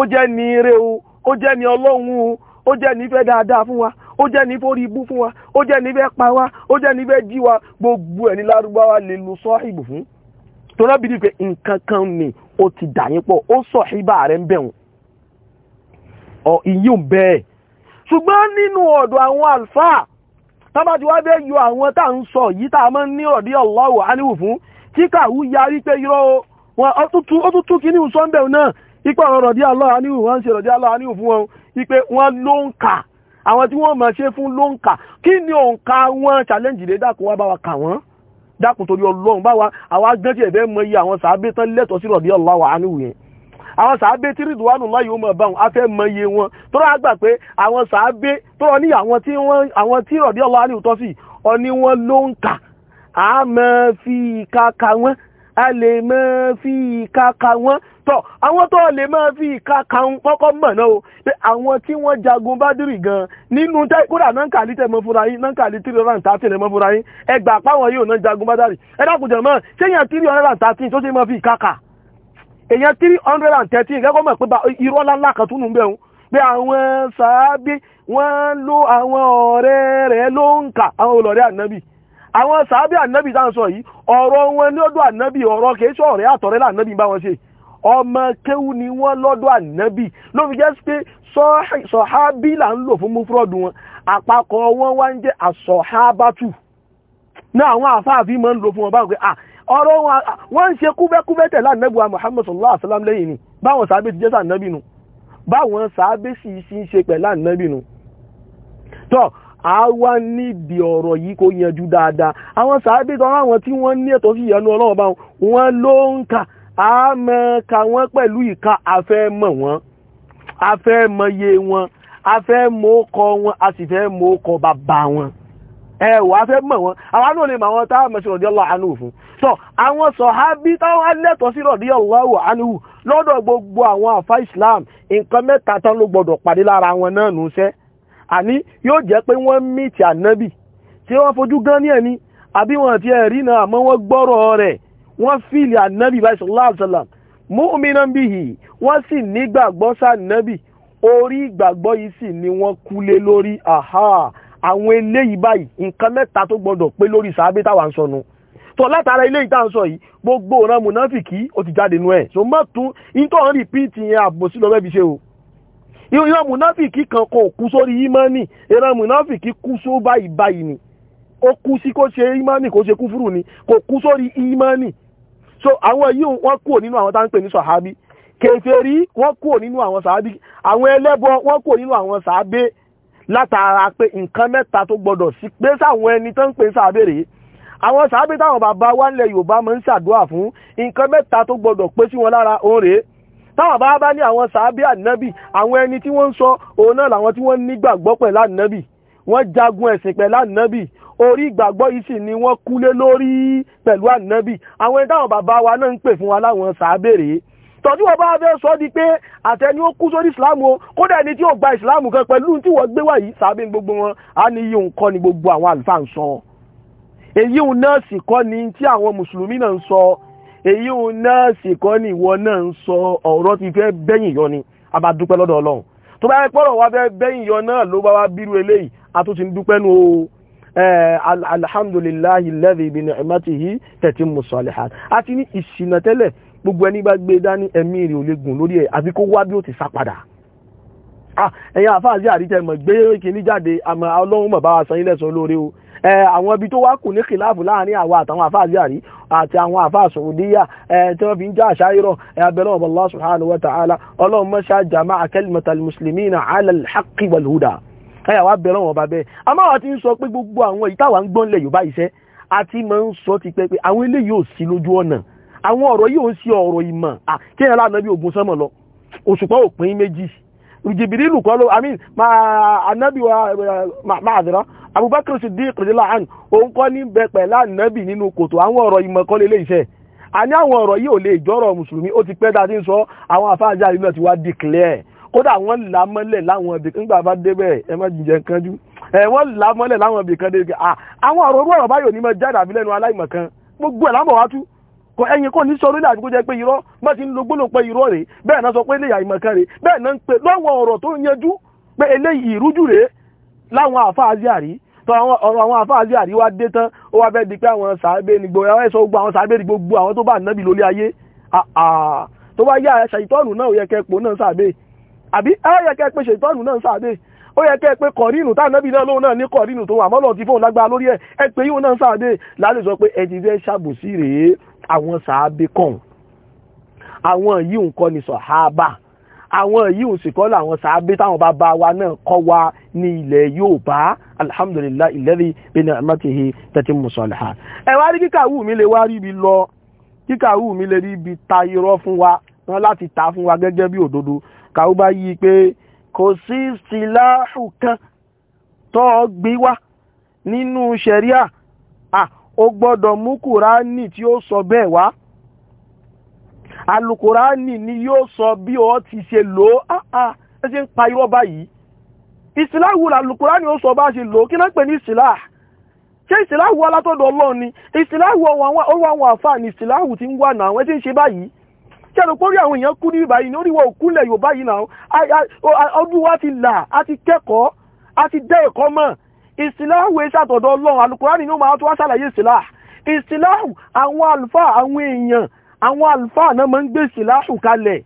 ó jẹ́ ni ire o ó jẹ́ ni ọlọ́run o ó jẹ́ ni fẹ́ dáadáa fún wa ó jẹ́ ní fórí ibú fún wa ó jẹ́ ní fẹ́ pa wá ó jẹ́ ní fẹ́ jí wa gbogbo ẹ̀ lárúbáwá lè lo sọ́ọ̀hìbù fún tó náà bìí pé nǹkan kan ni ó ti dà yín pọ̀ ó sọ ìbá rẹ̀ ń bẹ̀wọ̀n ọ ìyíùn bẹ́ẹ̀ ṣùgbọ́n nínú ọ̀dọ̀ àwọn àlùfáà tábàtí yọ àwọn tá ń sọ yìí tá a máa ní ọ̀dí Allahu aníwò fún tí kàwú ya wípé yọ wọn ó tún tún kíní sọ́ńbẹ̀ náà ipa ọ̀rọ̀ ọ̀dí Allahu aníwò wọn ń ṣe ọ̀dí Allahu aníwò fún wọn wípé wọn ló ń kà àwọn tí wọ́n máa ṣe fún ló ń kà kí ni òǹkà wọn challenge lè dákun wá bá dákùn torí ọlọ́run báwa àwọn agbẹ́tì ẹ̀bẹ́ mọ iye àwọn sàábé tán lẹ́tọ̀ọ́ sí rọ̀dí ọ̀láwà ánìwò yẹn àwọn sàábé tí rìdùwánù láyé ó mọ̀ bá wọn afẹ́ mọ iye wọn tó rà gbà pé àwọn sàábé tó rọ ní àwọn tí rọ̀dí ọ̀láwà ánìwò tọ́ sí ọ ni wọ́n ló ń kà á mọ fi ìka ka wọn a lè máa fi ìka ka wọ́n tọ́ àwọn tó lè máa fi ìka wọ́n kọ́kọ́ mọ̀ náà o pé àwọn tí wọ́n jagun Bádìrì gan nínú kódà náà kàlí tẹ̀ mọ́ fúnra yín náà kàlí tírí ọ̀rá ìta tẹ̀lé mọ́ fúnra yín ẹ gbà páwọn yóò náà jagun Bádìrì ẹ dákùjọ mọ́ sẹ́yìn tírí ọ̀rá ìta tí tó ṣe máa fi ìka kà èèyàn tírí ọ̀rá ìta tí ìkẹ́kọ̀ọ́ mọ̀ pé irọ́ lálá kan tún nù bẹ́ẹ̀ pé àwọn sàábí wọ́n lo àwọn ọ̀rẹ́ rẹ̀ ló ń kà àwọn olọ̀rẹ́ ànábì àwọn sàábẹ́ ànábì tá à ń sọ yìí ọ̀rọ̀ wọn ní ọdún ànábì ọ̀rọ̀ kìí sọ ọ̀rẹ́ àtọ̀rẹ́ là ànábì bá wọn ṣe ọmọ kéwú ni wọ́n lọ́dọ̀ ànábì ló fi jẹ́ pé sọ̀hábí là ń lò fún múfúrọ́dù wọn àpapọ̀ wọn wá ń jẹ́ àsọ̀hábátù náà àwọn àfáàfin máa ń lò fún wọn báwọn pé ọ̀rọ̀ wọn ń ṣe kúbẹ́kúbẹ́ tẹ̀lé ànábì wa Muhammad sallallahu alaihi ni báwọn sàábẹ́ ti jẹ́ sànábì nu báwọn sàábẹ́ sì ṣe pẹ̀lú ànábì nu a wá níbi ọ̀rọ̀ yìí kó yanjú dáadáa àwọn sàábé tọ́rọ àwọn tí wọ́n ní ẹ̀tọ́ sí ìyanu ọlọ́run bá wọn ló ń kà á mọ ka wọ́n pẹ̀lú ìka afẹ́ mọ̀ wọ́n afẹ́ mọye wọn afẹ́ mọ ọkọ wọn a sì fẹ́ mọ ọkọ bàbá wọn ẹ wà afẹ́ mọ̀ wọ́n àwọn náà lè mọ àwọn tá a mọ̀ sí radiyallahu anhu fún sọ àwọn sọ̀hábí táwọn alẹ́tọ̀ sí radiyallahu anhu lọ́dọ̀ gbogbo àwọn àfa Islam nǹkan mẹ́ta tán ló gbọdọ̀ pàdé lára wọn náà nù àní yóò jẹ́ pé wọ́n mìtì ànábì tí wọ́n fojú gan ní ẹni àbí wọn ti ẹ̀rí náà àmọ́ wọ́n gbọ́rọ̀ rẹ̀ wọ́n fìlì ànábì báyìí sallallahu alaihi wasallam mu'minan bihi wọ́n sì nígbàgbọ́ sànábì orí ìgbàgbọ́ yìí sì ni wọ́n kú lé lórí àhá àwọn eléyìí báyìí nǹkan mẹ́ta tó gbọdọ̀ pé lórí sàábé táwa ń sọnu tó látara eléyìí tá à ń sọ yìí gbogbo ọ̀ràn mùnáfìkì ó ti jáde nú ẹ̀ so má tún ìtọ́ ń rìpíìtì yẹn àbòsí lọ́wọ́ ẹ̀ ṣe o ìran mùnáfìkì kan kò kú sórí ìmánì ìran mùnáfìkì kú só báyìí báyìí ni ó kú sí kó ṣe imani. kó ṣe kúfúrú ni kò kú sórí ìmánì so àwọn yìí wọ́n kúrò nínú àwọn táwọn pè ní sọ̀hábí kèfèrí wọ́n kúrò nínú àwọn sàábí àwọn ẹlẹ́bọ wọ́n kúrò nínú àwọn sàábé látara pé nǹkan mẹ́ta tó gbọdọ̀ sí pé sáwọn ẹni tó ń pè sàábé rèé àwọn sàábé táwọn bàbá wa nílẹ̀ Yorùbá máa ń ṣàdúrà fún nǹkan mẹ́ta tó gbọdọ̀ pé sí wọn lára òun rèé táwọn bá bá ní àwọn sàábí ànábì àwọn ẹni tí wọ́n ń sọ òun náà làwọn tí wọ́n nígbàgbọ́ pẹ̀lú ànábì wọ́n jagun ẹ̀sìn pẹ̀lú ànábì orí ìgbàgbọ́ yìí sì ni wọ́n kúlé lórí pẹ̀lú ànábì àwọn ẹni táwọn bàbá wa náà ń pè fún wa láwọn sàábèrè tọ́jú wọn bá fẹ́ sọ di pé àtẹni ó kú sórí ìsìláàmù o kódà ẹni tí ó gba ìsìláàmù kan pẹ̀lú tí wọ́n gbé wá yìí sàábì gbogbo wọn á ní iye nǹkan ni gbogbo àwọn àlùfáà ń sọ èyí òun náà sì kọ́ ni tí àwọn mùsùlùmí náà ń sọ èyí ò náà sì kọ́ ní ìwọ náà ń sọ ọ̀rọ̀ ti fẹ́ bẹ́yìn yọ ni a bá dúpẹ́ lọ́dọ̀ ọlọ́run tó bá yẹ pọ́rọ̀ wá fẹ́ bẹ́yìn yọ náà ló bá wá bírú eléyìí a tún ti ń dúpẹ́ nu o alhamdulillahi alladhi bi ni'matihi tatimmu salihat a ti ní ìṣìnà àwọn ibi tó wá kù ní kìláàfù láàrin àwọn àtàwọn àfáà àzíàrí àti àwọn àfáà sòdíyà tí wọ́n fi ń já àṣáyírọ̀ abẹ́rẹ́ ọ̀bọ̀ Allah subhanahu wa ta'ala ọlọ́run mọ́ṣá jama'a kalimatal muslimina ala al-haqqi wal huda ẹ̀yà wá bẹ̀rẹ̀ wọn bá bẹ́ẹ̀ amáwà ti ń sọ pé gbogbo àwọn ìtawà ń gbọ́n lẹ̀ yorùbá iṣẹ́ àti máa ń sọ ti pẹ́ pé àwọn eléyìí ò sí lójú ọ̀nà àwọn ọ̀rọ̀ yìí sí ọ̀rọ̀ ìmọ̀ kí jìbìrìlù kọ́ ló àmì ànábì wa ma'adìrá abubakar siddiq radiyallahu anhu òun kọ́ ní bẹ̀pẹ̀ láàánábì nínú kòtò àwọn ọ̀rọ̀ ìmọ̀kọ́ lélẹ́ iṣẹ́ a ní àwọn ọ̀rọ̀ yìí ò lè jọ́rọ̀ mùsùlùmí ó ti pẹ́ dáa ti ń sọ àwọn àfáàjà ìlú náà ti wá declare kódà wọ́n là mọ́lẹ̀ láwọn ibì nígbà bá débẹ̀ ẹ má jìjẹ nǹkan jú ẹ wọ́n là mọ́lẹ̀ láwọn ibì kan dé àwọn ọ̀rọ̀ orú ọ̀rọ̀ báyìí ò ní mọ jáde àbí lẹ́nu aláìmọ̀kan gbogbo ẹ̀ lámọ̀ wá tú kọ ẹyin kò ní sọ̀rọ̀ ilé àdúgbò jẹ́ pé irọ́ bá ti ń lo gbólò pé irọ́ rèé bẹ́ẹ̀ náà sọ pé eléyà ìmọ̀kan rèé bẹ́ẹ̀ náà ń pè lọ́wọ́ ọ̀rọ̀ tó yanjú pé eléyìí ìrújú rèé láwọn àfáàzí àrí tó ọ̀rọ̀ àwọn àfáàzí àrí wá dé tán ó wá fẹ́ di pé àwọn sàábé ni gbogbo àwọn ẹ̀sọ́ gbogbo àwọn sàábé ni gbogbo àwọn tó bá nábì lólé ayé tó bá yá ṣàìtọ́nù náà ó yẹ kẹ́ pò náà sàábé àbí ẹ yẹ kẹ́ pé ṣàìtọ́nù náà sàábé ó yẹ kẹ́ pé kọ̀rínù táànábì náà lóun náà ní kọ̀rínù tó wà mọ́lọ̀ fóun lágbára lórí ẹ̀ ẹ pé yíò náà sàábé láti sọ pé ẹ ti fẹ́ ṣàbòsí rèé àwọn sàábé kọ̀ọ̀hún àwọn yìí ń kọ́ ni sọ̀háábà àwọn yìí ń sìkọ́ làwọn sàábé táwọn bàbá wa náà kọ́ wa ní ilẹ̀ Yorùbá alhamdulillah ìlẹ́rìí bí ní àmàtìhì tẹ́tí mùsọ̀lá ẹ wá rí kíkàwù mi lè wá rí ibi lọ kíkàwù mi lè rí ibi ta irọ́ fún wa wọn láti ta fún wa gẹ́gẹ́ bí òdodo kàwú bá yí pé kò sí síláhù kan tó gbé wá nínú ṣẹ̀ríà ó gbọ́dọ̀ mú kùránì tí ó sọ bẹ́ẹ̀ wá alukùránì ni yóò sọ bí ọ ti ṣe lò ó ah, ah, ẹ ṣe ń pa irọ́ báyìí ìsìláwù alukùránì ó sọ bá ṣe lò ó kí náà pè ní ìsìlá ṣé ìsìláwù alátọ́dọ̀ ọlọ́run ni ìsìláwù ọwọ́ àwọn àfáà ni ìsìláwù ti ń wà náà ẹ ń ṣe báyìí àwọn èèyàn kú ní ìbáyìí ní ìsìláhù ìṣàtọ̀dọ̀ ọlọ́run alukurani ní ó máa tó wá ṣàlàyé ìsìláhù ìsìláhù àwọn àlùfáà àwọn èèyàn àwọn àlùfáà náà máa ń gbé ìsìláhù kalẹ̀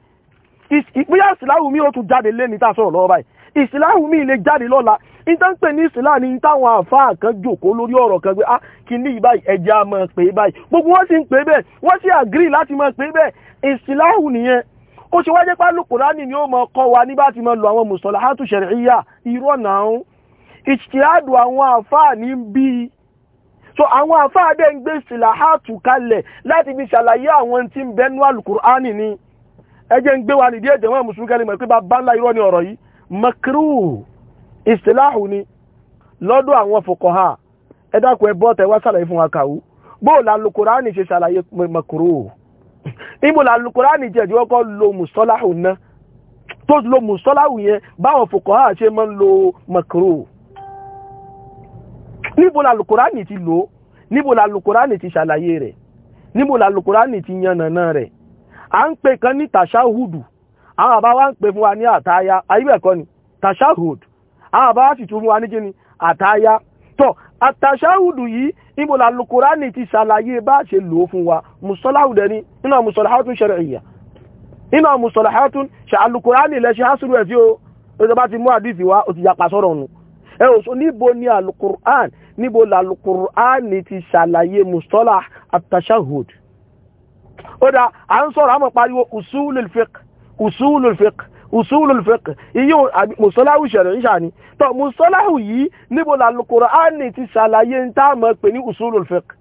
ìpínyà ìsìláhù mi ó tún jáde lé ní tá a sọ̀rọ̀ lọ́wọ́ báyìí ìsìláhù mi lè jáde lọ́la ìtànpẹ̀ ní ìsìláhù ní táwọn àfáà kan jòkó lórí ọ̀rọ̀ kan pé ah kí ní ìbáyìí ẹja máa pè é báyìí gbogbo wọ́n sì ń pè é bẹ́ẹ̀ wọ́n sì àgírí láti máa pè é bẹ́ẹ̀ ìsìláhù nìyẹn ó ṣe wájẹ́ pálukùránì ni ó mọ kọ́ wa nígbà tí mo lo àwọn mùsọ̀lá hátùṣẹ̀rẹ̀ ìyá irọ́ náà ìṣìádù àwọn àfáà ní bí so àwọn àfáà dẹ̀ ń gbé ṣìláhàtù kalẹ̀ láti fi ṣàlàyé àwọn tí ń bẹnu alukur'ani ni ẹjẹ́ ń gbé wa nìdí ẹ̀jẹ̀ wọn mùsùlùmí kẹ́lẹ̀ mọ̀ bá bá ńlá irọ́ ni ọ̀rọ̀ yìí makruh ni lọ́dọ̀ àwọn ẹ ẹ bọ́ tẹ bo la alukur'ani níbo la lùkùránì ti lò níbo la lùkùránì ti ṣàlàyé rẹ̀ níbo la lùkùránì ti yànnàná rẹ̀ à ń pè kan ní tàṣáhùdù àwọn àbá wa ń pè fún wa ní àtáyá ayíbẹ̀kọ́ ni tàṣáhùdù àwọn àbá wa sì tún fún wa ní kí ni àtáyá tọ́ àtàṣáhùdù yìí níbo la lùkùránì ti ṣàlàyé bá ṣe lò fún wa mùsọ́láhùdẹ̀ ni nínú mùsọ̀láhàtún ṣẹ̀rẹ̀yà nínú mùsọ̀láhàtún ṣàlùkùránì lẹ́ṣin hásùrù ẹ̀ tí ó ó ti bá ti mú àdìsí nù ẹ ò sọ níbo ni alukur'an níbo la alukur'an ti ṣàlàyé mustalah at-tashahhud ó dá à ń sọ̀rọ̀ àmọ́ pariwo usulul fiqh usulul fiqh usulul fiqh iye mustalahu ṣẹ̀rẹ̀ ń ṣàní tọ́ mustalahu yìí níbo la alukur'an ti ṣàlàyé ń tá mọ̀ pé ní usulul fiqh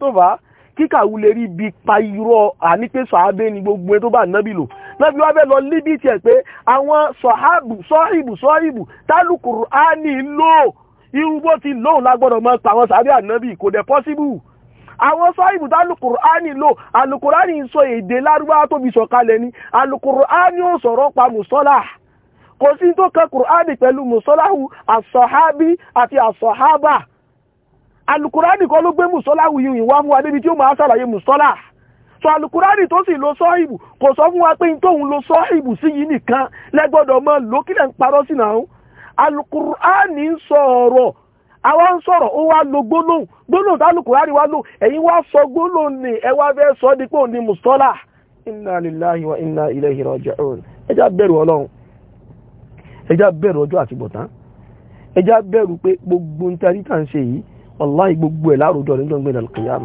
tó fà á kíkàwú lè rí bí pa irọ́ àní ni gbogbo ẹ tó bá nábì lọ́bí wá bẹ́ẹ̀ lọ líbí tiẹ̀ pé àwọn sọ̀hábù sọ́hìbù sọ́hìbù tálùkùrù á ní lò irú bó ti lóun lágbọ́dọ̀ mọ́ pa àwọn sàbí ànábì kò dẹ̀ possible àwọn sọ́hìbù tálùkùrù á ní lò àlùkùrù á ní sọ èdè lárúbáwá tóbi sọ̀kalẹ̀ ni àlùkùrù á ní ò sọ̀rọ̀ pa mùsọ́là kò sí tó kẹ kùránì pẹ̀lú mùsọ́láhù àsọ̀hábí àti àsọ̀hábà alùkùránì kọ́ ló gbé mùsọ́láhù yìí wá mú adébi tí ó máa ṣàlàyé mùsọ́láhù sọ alukurari tó sì lo sọ́ọ̀hìbù kò sọ fún wa pé tóun lo sọ́ọ̀hìbù sí yìí nìkan lẹ́gbọ́dọ̀ mọ́ lókìlẹ̀ ń parọ́ sí náà ń ń sọ̀rọ̀ ó wá lo gbólóhùn gbólóhùn tálukurani wá lò ẹ̀yin wá sọ gbólóhùn ni ẹ wá fẹ́ sọ dípò ní mùsọ́là wa inna ilayhi raji'un ẹ já bẹ̀rù ọlọ́run ẹ bẹ̀rù ọjọ́ àti ẹ já bẹ̀rù pé gbogbo ń tarí tà ń ṣe yìí wàláhì gbogbo ẹ̀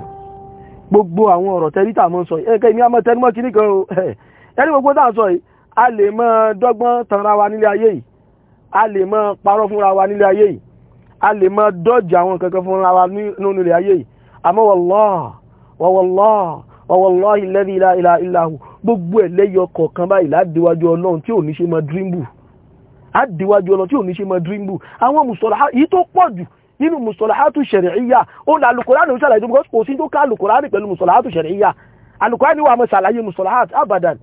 gbogbo àwọn ọ̀rọ̀ tẹ́rítà mọ́ sọ ẹ̀kẹ́ ìní àmọ́ tẹ́rímọ́ kìíní kan o ẹni gbogbo tá à ń sọ yìí a lè mọ́ dọ́gbọ́n tanra wa nílé ayé yìí a lè mọ́ parọ́ fúnra wa nílé ayé yìí a lè mọ́ dọ́jà àwọn kankan fúnra wa nílé ayé yìí àmọ́ wallahi wallahi wallahi alladhi la ilaha illa hu gbogbo ẹ̀ lẹ́yọ kọ̀ọ̀kan báyìí ládìwájú ọlọ́run tí ò ní ṣe mọ́ dreambu àdìwájú ọlọ́run tí ò ní ṣe mọ́ dreambu àwọn mùsọ̀rọ̀ yìí tó pọ̀ jù nínú mùsùlùmí ṣẹ̀rẹ̀ẹ́yà ó la alukóra ní sàlàyé because kò sí tó ká alukóra ní pẹ̀lú mùsùlùmí ṣẹ̀rẹ̀ẹ́yà alukóra ní wà mọ́ sàlàyé mùsùlùmí abadan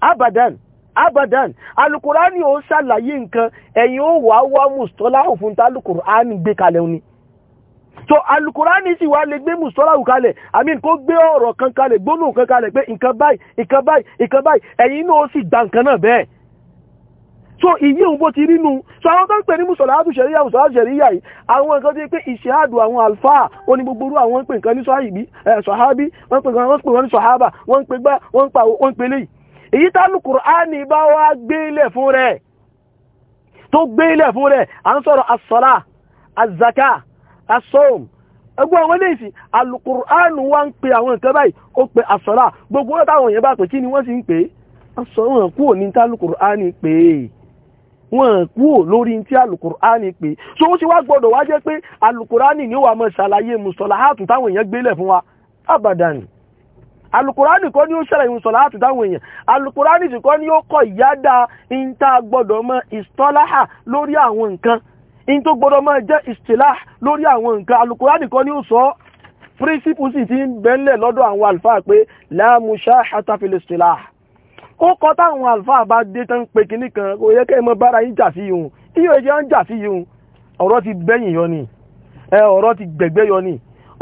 abadan abadan alukóra ní ó sàlàyé nǹkan ẹ̀yin ó wà wá mùsùlùmí òfin tá alukóra ní gbé kalẹ̀ ni so alukurani sì wá lè gbé mùsọ́láwù kalẹ̀ àmín kó gbé ọ̀rọ̀ kan kalẹ̀ gbónú kan kalẹ̀ pé nǹkan báyìí nǹkan báyìí nǹkan báyìí ẹ̀yin náà sì gba nǹkan náà bẹ́ẹ̀ so ìyí òun bó ti rí so àwọn tó ń pè ní mùsọ̀láàtù ṣẹ̀ríyà mùsọ̀láàtù ṣẹ̀ríyà yìí àwọn nǹkan tó yẹ pé ìṣẹ́àdù àwọn àlfà ó ní gbogbo orú àwọn pè nǹkan ní sọ̀hábí wọ́n pè wọ́n ní sọ̀hábà wọ́n pè gbá wọ́n pè léyìí èyí tánú kùránì bá wá gbélẹ̀ fún rẹ̀ tó gbélẹ̀ fún rẹ̀ à ń sọ̀rọ̀ asọ́lá azaka asọ́m ẹgbọ́n àwọn léèsì alùkùránù wá ń pe àwọn nǹkan báyìí ó pe asọ́lá gbogbo táwọn èèyàn bá pè kí ni wọ́n sì ń pè asọ́rùn kúrò ní tánú kùránì pè é wọn kúrò lórí tí alukur'ani pé so ó sì wá gbọ́dọ̀ wá jẹ́ pé alukur'ani ni ó wà mọ́ ṣàlàyé mùsọ̀láhàtù táwọn èèyàn gbélẹ̀ fún wa abadan alukur'ani kọ́ ni ó ṣàlàyé mùsọ̀láhàtù táwọn èèyàn alukur'ani sì kọ́ ni ó kọ ìyáda ìta gbọ́dọ̀ mọ́ ìsọ́láhà lórí àwọn nǹkan in tó gbọ́dọ̀ mọ́ jẹ́ ìsìláhà lórí àwọn nǹkan alukur'ani kọ́ ni ó sọ príncipù ti ń bẹ́ńlẹ̀ lọ́dọ̀ àwọn àlùfáà pé láàmúṣáhà tàfilẹ̀sìláhà ó kọ́ táwọn àlùfáà bá dé tán pé kinní kan kò yẹ kẹ́ ẹ mọ bára yín jà sí yòun iye ìjẹ́ ń jà sí yòun ọ̀rọ̀ ti bẹ́yìn yọ ni ọ̀rọ̀ ti gbẹ̀gbẹ́ yọ ni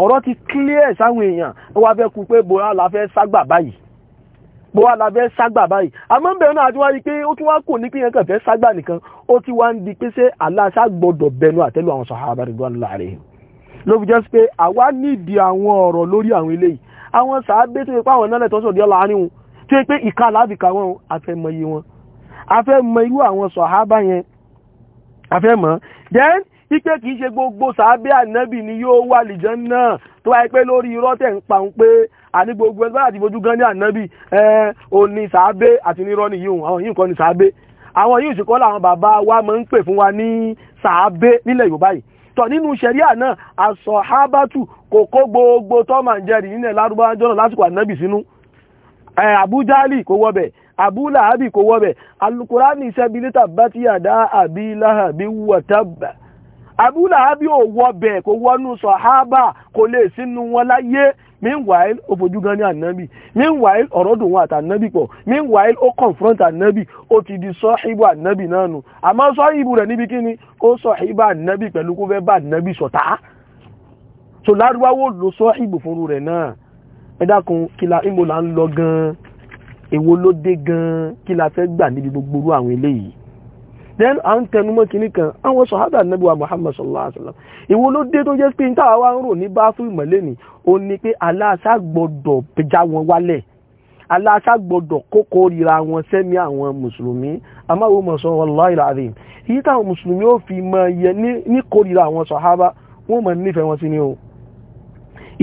ọ̀rọ̀ ti clear sáwọn èèyàn wá fẹ́ kú pé bóyá la fẹ́ ságbà báyìí bóyá la fẹ́ ságbà báyìí àmọ́ bẹ̀rẹ̀ náà àti wá rí pé ó tún wá kò ní pínyẹn kàn fẹ́ ságbà nìkan ó ti wá ń di pé ṣé aláṣà gbọ́dọ̀ bẹnu àtẹ́lu àwọn sàhábà ridwanullahi alaihim ló fi jẹ́ pé àwa nídìí àwọn ọ̀rọ̀ lórí àwọn eléyìí àwọn sàábé tó fi pàwọn náà lẹ́tọ́sọ̀ díẹ̀ láàrin wọn tó pé ìka alábìkà wọn afẹ́mọ iye wọn afẹ́mọ irú àwọn sọ̀hábà yẹn afẹ́mọ then ipe kìí ṣe gbogbo sàábẹ́ ànábì ni yóò wà lìjẹ́ náà tó wáyé pé lórí irọ́ tẹ̀ ń pa ń pé àní gbogbo ẹgbẹ́ àti fojú gan ní ànábì òní sàábẹ́ àti nírọ́ nìyí òun àwọn yìí kọ́ ni sàábẹ́ àwọn yìí sì kọ́ làwọn bàbá wa máa ń pè fún wa ní sàábẹ́ nílẹ̀ Yorùbá yìí tọ̀ nínú ṣẹ̀ríà náà àsọ̀hábàtù kò kó gbogbo tọ́mà ń jẹ́rìí nílẹ̀ lárúbáwájọ́ náà lásìkò ànábì sínú àbújálì eh, kò wọ́bẹ̀ àbúláàbì kò wọ́bẹ̀ alukurani iṣẹ́bi bá ti yàdá àbíláàbí wọ̀tàbà àbúláàbí ò wọ́bẹ̀ kò wọ́nú sọ̀hábà kò lè sínú wọn láyé meanwhile ó fojú gan ní ànábì meanwhile ọ̀rọ̀ dùn wọn àtànábì pọ̀ meanwhile ó confront ànábì ó ti di sọ́híbù ànábì náà nù àmọ́ sọ́híbù rẹ̀ níbi kíni ó sọ̀híbà ànábì pẹ̀lú kó fẹ́ bá ànábì so lárúbáwò ló fúnru rẹ̀ náà ẹ dákun kí la ìmọ̀ là ń lọ gan-an èwo ló dé gan-an kí gbà níbi gbogbo irú àwọn eléyìí then à ń tẹnumọ́ kìíní kan àwọn sọ̀hádà nẹ́bí wa Muhammad sallallahu alaihi wasallam èwo ló dé tó jẹ́ pé ní táwa wá ń rò ní bá fún ìmọ̀lẹ́ ni ó ní pé aláṣà gbọ́dọ̀ já wọn wálẹ̀ aláṣà gbọ́dọ̀ kókó ríra wọn sẹ́mi àwọn mùsùlùmí amáwo mọ̀ sọ wallahi alazim èyí táwọn mùsùlùmí ó fi mọ yẹ ní kórìíra àwọn sọ̀hábà wọ́n mọ̀ nífẹ̀ẹ́ wọn sí ni o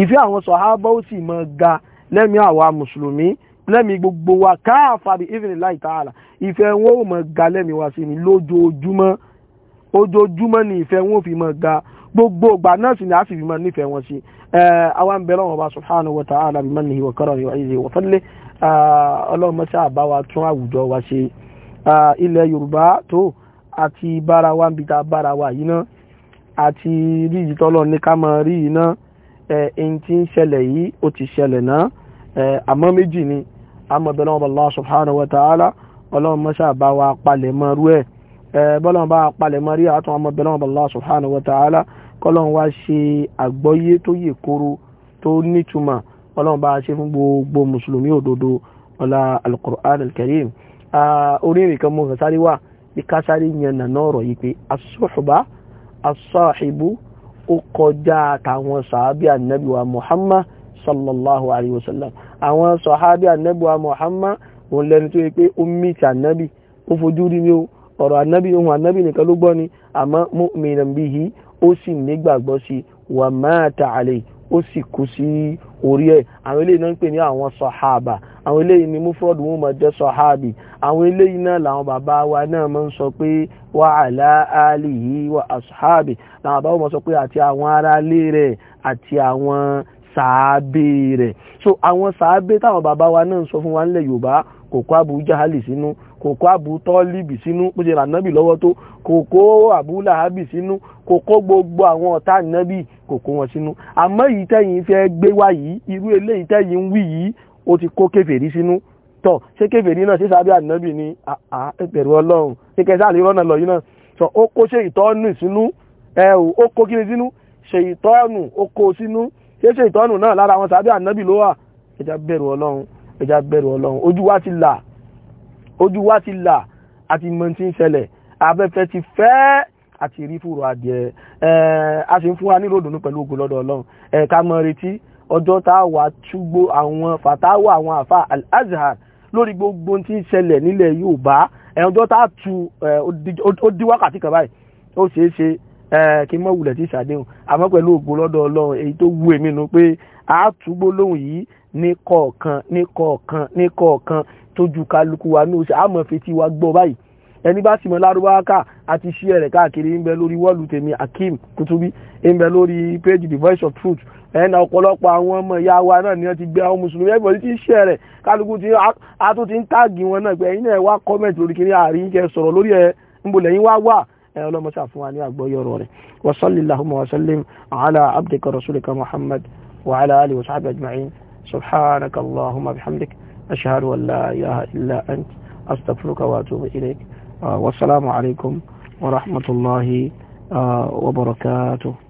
ìfẹ́ àwọn sọ̀hábà ó sì mọ ga lẹ́mí àwa mùsùlùmí lẹ́mí gbogbo wa káàfà bí ìfẹ́ láì tààlà ìfẹ́ wọn ó mọ ga lẹ́mí wa sí ni lójoojúmọ́ ojoojúmọ́ ni ìfẹ́ wọn ó fi mọ ga gbogbo ìgbà náà sì ni a sì fi mọ nífẹ̀ẹ́ wọn sí àwa ń bẹ lọ́wọ́ wa subhanahu wa ta'ala bí mọ́nìyí wa karamihi wa izzihi wa fadlihi ọlọ́run mọ́sí àbá wa tún àwùjọ wa ṣe ilẹ̀ yorùbá tó àti bára wa ń bi ta bára wa yìí náà àti rí ìtọ́lọ́ ní ká mọ rí yìí náà ẹ̀ẹ́n tí ń ṣẹlẹ̀ yìí ó ti ṣẹlẹ̀ náà àmọ́ méjì ni amọ̀bẹ̀rẹ̀ ọba Allah subhanahu wa ta'ala ọlọ́run mọ́ṣá bá wa palẹ̀ mọ́ rú ẹ̀ bọ́lọ́run bá wa palẹ̀ mọ́ rí àtún amọ̀bẹ̀rẹ̀ ọba Allah subhanahu wa ta'ala kọ́lọ́run wá ṣe àgbọ́yé tó yè koro tó nítumọ̀ ọlọ́run bá ṣe fún gbogbo mùsùlùmí òdodo ọlá al-Qur'an al-Karim orí nìkan mọ̀ sáré wà ní kásáré yẹn nàná ọ̀rọ̀ yìí pé as-suhba as ó kọjá àtàwọn sàábí ànẹ́bíwa Muhammad sallallahu alayhi wa sallam àwọn sàábí ànẹ́bíwa Muhammad òun lẹ́ni tó yẹ pé ó mìtì ànẹ́bí ó fojú rí ní ọ̀rọ̀ ànẹ́bí ohun ànẹ́bí nìkan ló gbọ́ ni àmọ́ mu'minan bihi ó sì nígbàgbọ́ sí wa mata alayhi ó sì kú sí orí ẹ̀ àwọn eléyìí náà ń pè ní àwọn sọ̀háàbà àwọn eléyìí ni mufrod wọn máa jẹ́ sọ̀háàbì àwọn eléyìí náà làwọn bàbá wa náà máa ń sọ pé wà àlá àlìyí wà àṣọ̀háàbì làwọn bàbá wọn máa sọ pé àti àwọn aráalé rẹ̀ àti àwọn sàábé rẹ̀ so àwọn sàábé táwọn bàbá wa náà ń sọ fún wa nílẹ̀ Yorùbá kò kó Abu Jahali sínú kò kó àbú tọ́líbì sínú bó ṣe rànábì lọ́wọ́ tó kò kó àbú làábì sínú kò kó gbogbo àwọn ọ̀tá ànábì kò kó wọn sínú àmọ́ èyí tẹ́yìn fẹ́ gbé wá yìí irú eléyìí tẹ́yìn ń wí yìí ó ti kó kèfèrí sínú tọ̀ ṣé kèfèrí náà ṣé sábẹ́ ànábì ni ẹ̀bẹ̀rù ọlọ́run ṣé kẹsà lè rọ́nà lọ yìí náà sọ ó kó ṣe ìtọ́nù sínú ẹ ò ó kó kí ni sínú ṣe ìtọ́nù ó kó sínú ṣé ṣe ìtọ́nù náà lára àwọn sábẹ́ ànábì ló ti là ojú wa ti là àti mọ̀ tí ń ṣẹlẹ̀ afẹ́fẹ́ ti fẹ́ àti rí fúrò adìẹ a sì ń fún wa ní ròdùnú pẹ̀lú ogun lọ́dọ̀ ọlọ́run ẹ̀ka mọ̀ retí ọjọ́ tá a wà túgbó àwọn fàtáwà àwọn àfà al-azhar lórí gbogbo tí ń ṣẹlẹ̀ nílẹ̀ yorùbá ọjọ́ tá a tu ó di wákàtí kan báyìí ó ṣeé ṣe kí mọ́ wulẹ̀ tí ṣàdéhùn àmọ́ pẹ̀lú ògbó lọ́dọ̀ ọlọ́run èyí tó wú èmi nu pé a tú gbólóhùn yìí ní kọ̀ọ̀kan ní kọ̀ọ̀kan ní kọ̀ọ̀kan tójú kálukú wa ní oṣù àmọ́ fetí wa gbọ́ báyìí ẹni bá sì mọ lárúbáwá ká àti ṣí ẹ̀rẹ̀ káàkiri ń bẹ lórí wọ́ọ̀lù tèmi akeem kutubi ń bẹ lórí page the voice of truth ẹ̀ẹ́nà ọ̀pọ̀lọpọ̀ àwọn ọmọ ìyá wa náà ni wọ́n ti gbé àwọn mùsùlùmí ẹ̀gbọ́n tí ń ṣe kálukú tí a tún ti ń táàgì wọn náà pé ẹ̀yin náà wá kọ́mẹ̀tì lórí kiri àárín kẹ sọ̀rọ̀ lórí ẹ̀ ń bolẹ̀ yín wá wà ọlọ́mọṣà fún wa ní àgbọ́yọ̀rọ̀ rẹ̀ wa sallallahu wa sallim ala abdika rasulika muhammad wa ala alihi wa sahbihi ajma'in subhanaka allahumma bihamdik ashhadu an la ilaha illa ant astaghfiruka wa atubu ilayk wa assalamu alaikum wa rahmatullahi uh, wa barakatuh